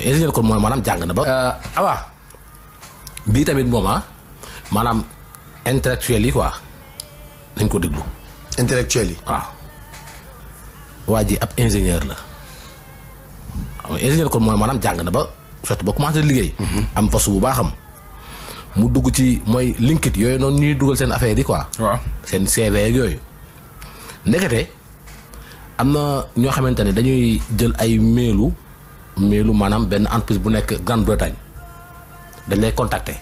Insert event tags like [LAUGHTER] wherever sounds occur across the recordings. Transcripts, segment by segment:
ingénieur kon mooy maanaam jàng na ba. Euh, ah awa tamit moom ah maanaam intellectuel yi quoi nañ ko déglu. yi. waa ji ab ingénieur la waaw ingénieur kon mooy maanaam jàng na ba sotti ba commencé liggéey. Mhm. am poste bu baaxam mu dugg ci mooy linkit yooyu noonu ñuy dugal seen affaire yi quoi. waaw seen CV yooyu ndekete am na ñoo xamante ne dañuy jël ay mailu mais lu maanaam benn entreprise bu nekk Grande-Bretagne dañ lay contacter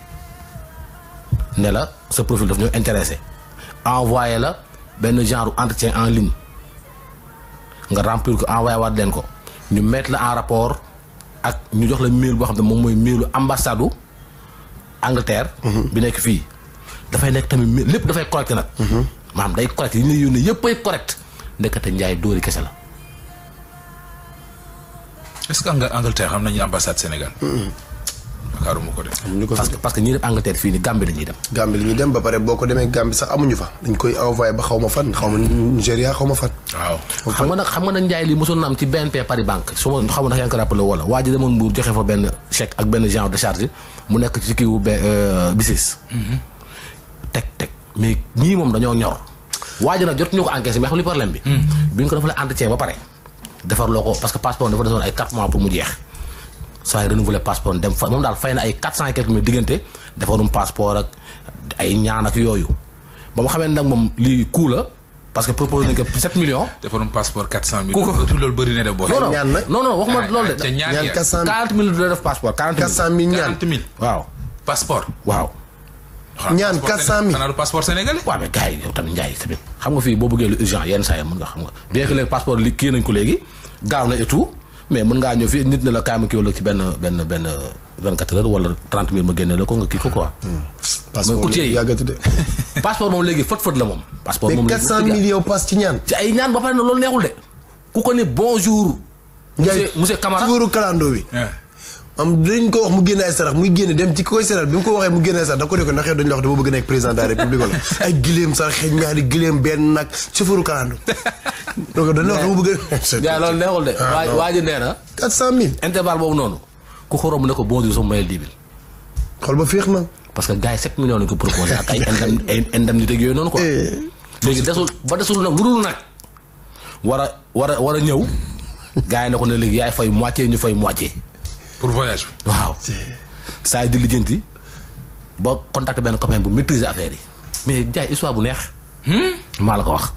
ne la sa profil daf ñoo intéressé envoyé la benn genre entretien en ligne nga remplir ko envoyé waat leen ko ñu mettre la en rapport ak ñu jox la mail boo xam ne moom mooy mailu ambassade u Angleterre. Mhm. bi nekk fii dafay nekk tamit lépp dafay correct nag. Mhm. maanaam day correct yi ñu lay yónnee yëpp ay correct nekkate njaay dóori kese la. est-ce que Angleterre am nañu ambassade Sénégal. xaaruma mm-hmm. ko de. parce que parce que ñi def Angleterre fii ni Gambie la ñuy dem. Gambie la dem ba pare boo ko demee Gambie sax amuñu fa. dañ koy envoyé ba xaw ma fan xaw ma Nigéria xaw ma fan. waaw xam nga nag xam li mosoon na am ci BNP Paris Banque su ma xaw ma ndax yaa ngi ko rappelé wala waa ji joxe fa benn chèque ak benn genre de charge mu nekk ci kii wu euh, mm-hmm. teg teg mais ñii moom dañoo ñor. waa ji nag mm. ñu ko defalee ba pare. defar loo ko parce que passeport dafa desoon ay 4 mois pour mu jeex saa yi renouveler passeport dem moom daal fay na ay 400 et quelques mille diggante defarum passeport ak ay ñaan ak yooyu ba mu xamee nag moom lii coût la parce que proposé nañ ko 7 millions. passeport 400 mille. ku ko loolu de boo. ñaan nag non non waxuma loolu de. ñaan du la def passeport 40 mille waaw. passeport waaw. ñaan 400000 xanaa du passeport sénégalais. waaw mais gars yi yow tamit Ndiaye tamit xam nga fii boo bëggee lu urgent yenn saa yi mën nga xam nga bien que léegi passeport li kii nañ ko léegi gaaw na et mais mën ngaa ñëw fii nit ne la kaay ma kii ci benn benn benn 24 heures wala 30 000 ma génne la ko nga kii ko quoi. Hmm. [LAUGHS] passeport moom léegi fët fët la moom. passeport moom léegi 400000 yow pass ci ñaan. ci ay ñaan ba pare na loolu neexul de ku ko am dañ ko wax mu génne ay sarax muy génne dem ci koy sarax bi mu ko waxee mu génne sarax da ko ne ko ndax dañ la wax dama bëgg nekk président de [LAUGHS] benn nag chauffeuru kalandu donc dañ la wax dama bëgg [LAUGHS] [LAUGHS] gaa loolu neexul de ah, waa waa quatre cent mille intervalle boobu noonu ku xorom ne ko bon diw sama mayel dix xool ba feex na parce que gars yi sept millions lañ ko proposé ak ay ay indemnité yooyu noonu quoi eh. léegi desul ba desul nag lu dul nag war a war a war a ñëw gars yi ne ko ne léegi yaay fay moitié ñu fay moitié pour voyage waaw. saa yi di lijjanti ba contact ben copain bu maîtriser affaire yi. mais jaay histoire bu neex. hmm ma la ko wax.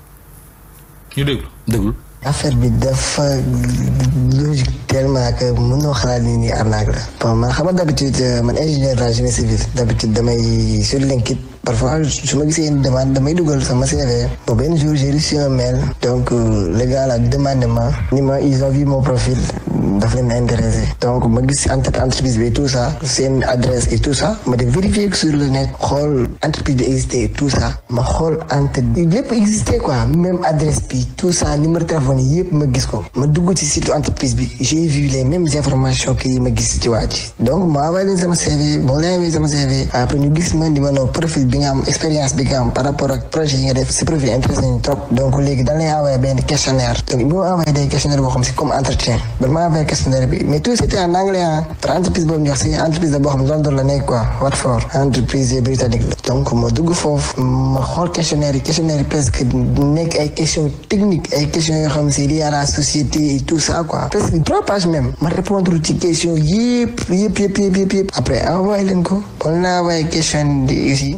ñu déglu déglu. affaire bi dafa logique tellement que mënoo xalaat ni ni arnaque la. bon man xam nga d'habitude man ingénieur la génie civil d'habitude damay sur linkit parfois je suis gisee une demande damay dugal ça CV ba benn jour j'ai reçu un mail donc euh, les gars là demandé ma ni ils ont vu mon profil d'affiner leen donc ma gis entreprise et tout ça une adresse et tout ça mais de vérifier sur le net xool entreprise bi tout ça ma xool entreprise pas existé quoi même adresse puis tout ça numéro téléphone yëpp ma gis quoi ma dugg ci site entreprise bi j'ai vu les mêmes informations que yi ma gis ci donc ma envoyé ça m'a CV bon ça sama après nous gis ma di profil expérience bi par rapport ak projet yi nga def si profil intéressé nañu trop donc léegi dañ lay envoyé benn questionnaire donc bi ma des day questionnaire xam si comme entretien ba ma envoyé questionnaire bi mais tout c'était en anglais ah hein. plus entreprise boobu ñu entreprise la boo xam Londres la nekk quoi Watford entreprise britannique donc ma dugg foofu ma xool questionnaire yi questionnaire yi presque nekk ay questions techniques ay questions yoo xam si lié à la société et tout ça quoi presque trois pages même ma répondre ci question yip yip yip yip yip après envoyé leen ko on a envoyé question ici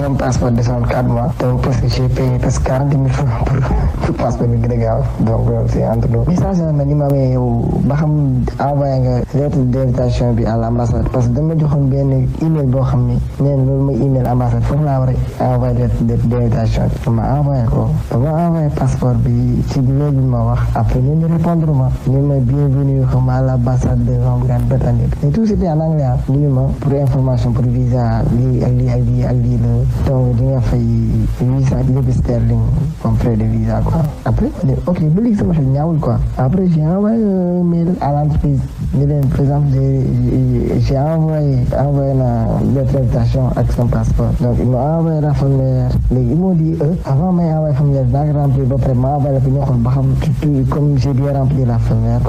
sama passeport desoon quatre mois donc parce que j'ai payé presque quarante mille francs pour passeport bi gën a gaaw donc loolu entre loolu mooy a bi ma ko ma wax après ñu ne répondre ma ma tout c'était en anglais ah. ñu ne ma pour information pour visa lii ak donc il a failli 800 livres sterling comme frais de visa quoi après ok c'est une après j'ai envoyé un euh, mail à l'entreprise mais par exemple j'ai envoyé envoyé la avec son passeport donc il m'a envoyé la formulaire mais ils m'ont dit eux avant ma envoyé la formulaire d'un rempli prix d'après m'a envoyé la pignon comme j'ai dû remplir la formulaire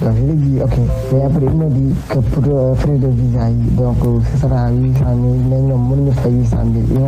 donc dit ok mais après il m'a dit que pour euh, frais de visa donc euh, ce sera 800 000 mais non mon ne fait 800 000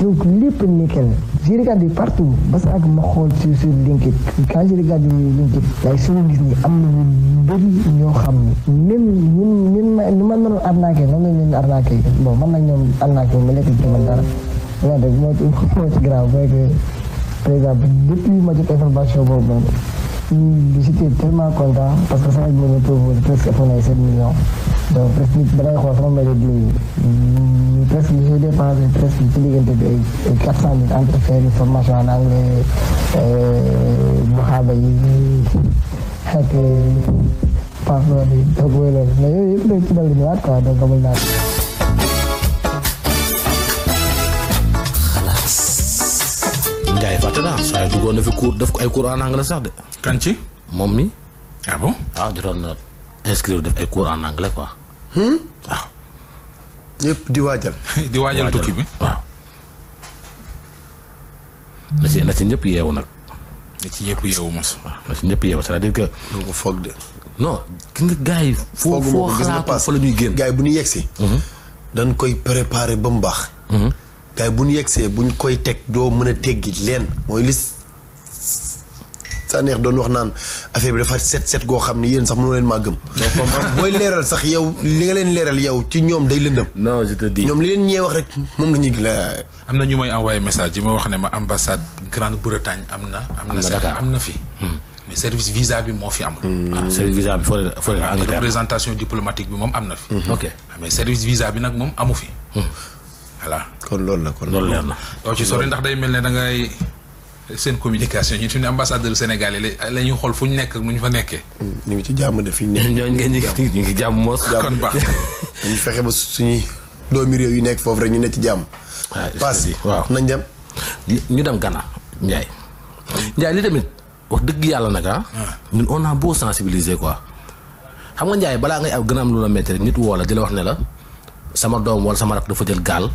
donc lépp nickel j'ai regardé partout ba sax ma xool sur sur LinkedIn quand j'ai regardé LinkedIn waaye su ma gis ni am na ñu bëri ñoo xam ni même ñun ñun ma ñu ma mënoon arnaqué noonu lañ leen arnaqué bon man nag ñoom arnaqué ma lekk ci man dara waaye nag moo ci [LAUGHS] moo ci grave mooy que par exemple depuis ma jot information boobu noonu j'étais tellement content parce que sama jëmm proposé presque ëpp na 7 millions donc presque nit dangay xool sama mbéy mi presque j'ai dépensé presque ci diggante bi ay 400 mille formation en yi ak passeport yi donc loolu mais yooyu yëpp dañ ci defoon na fi cours def ko moom mi. ah bon waaw ah, hmm? ah. di waajal. [LAUGHS] di waajal tukki bi na ci na ci ñëpp yeewu nag. na ci ñëpp yeewu mos. na ci ñëpp yeewu c'est-à-dire ko foog de. non ki nga gars yi. foo foo xalaatoo fa la ñuy génn gars bu ñu yegsee. Mhm. dañ koy préparer ba mu baax. Mhm. gars bu ñu yegsee bu koy teg doo mën a teggi leen mooy lis sa neex doon wax naan affaire bi dafa set set goo xam ne yéen sax mënoo leen maa gëm. booy leeral sax yow li nga leen leeral yow ci ñoom day lëndëm. non je te dis ñoom li leen ñee wax rek moom la ñuy gis. am na ñu may envoyé message yi ma wax ne ma ambassade Grande Bretagne am na. am na Dakar am na fi. mais service visa bi moo fi amul. service visa bi foo leen foo leen Angleterre représentation diplomatique bi moom am na fi. ok mais service visa bi nag moom amu fi. voilà kon loolu la kon. loolu leer na doo ci sori ndax day mel ne da ngay. seen communication ñu suñu ambassadeur sénégalais la la ñuy xool fu ñu nekk ak nu ñu fa nekkee. ñu ngi ci jàmm de fi ñu nekk. ñooñu ngeen ñu ngi jàmm moos. kon baax [LAUGHS] ñu fexe ba suñuy doomi réew yi nekk foofu rek ñu ne ci jàmm. Ah, paas waaw nañ dem. ñu dem Ghana Ndiaye. Ndiaye li tamit wax dëgg yàlla nag ah. Ah. ñun on a beau sensibiliser quoi. xam nga Ndiaye balaa ngay am gën a am lu la métti rek nit woo la di la wax ne la sama doom wala sama rak dafa jël gaal.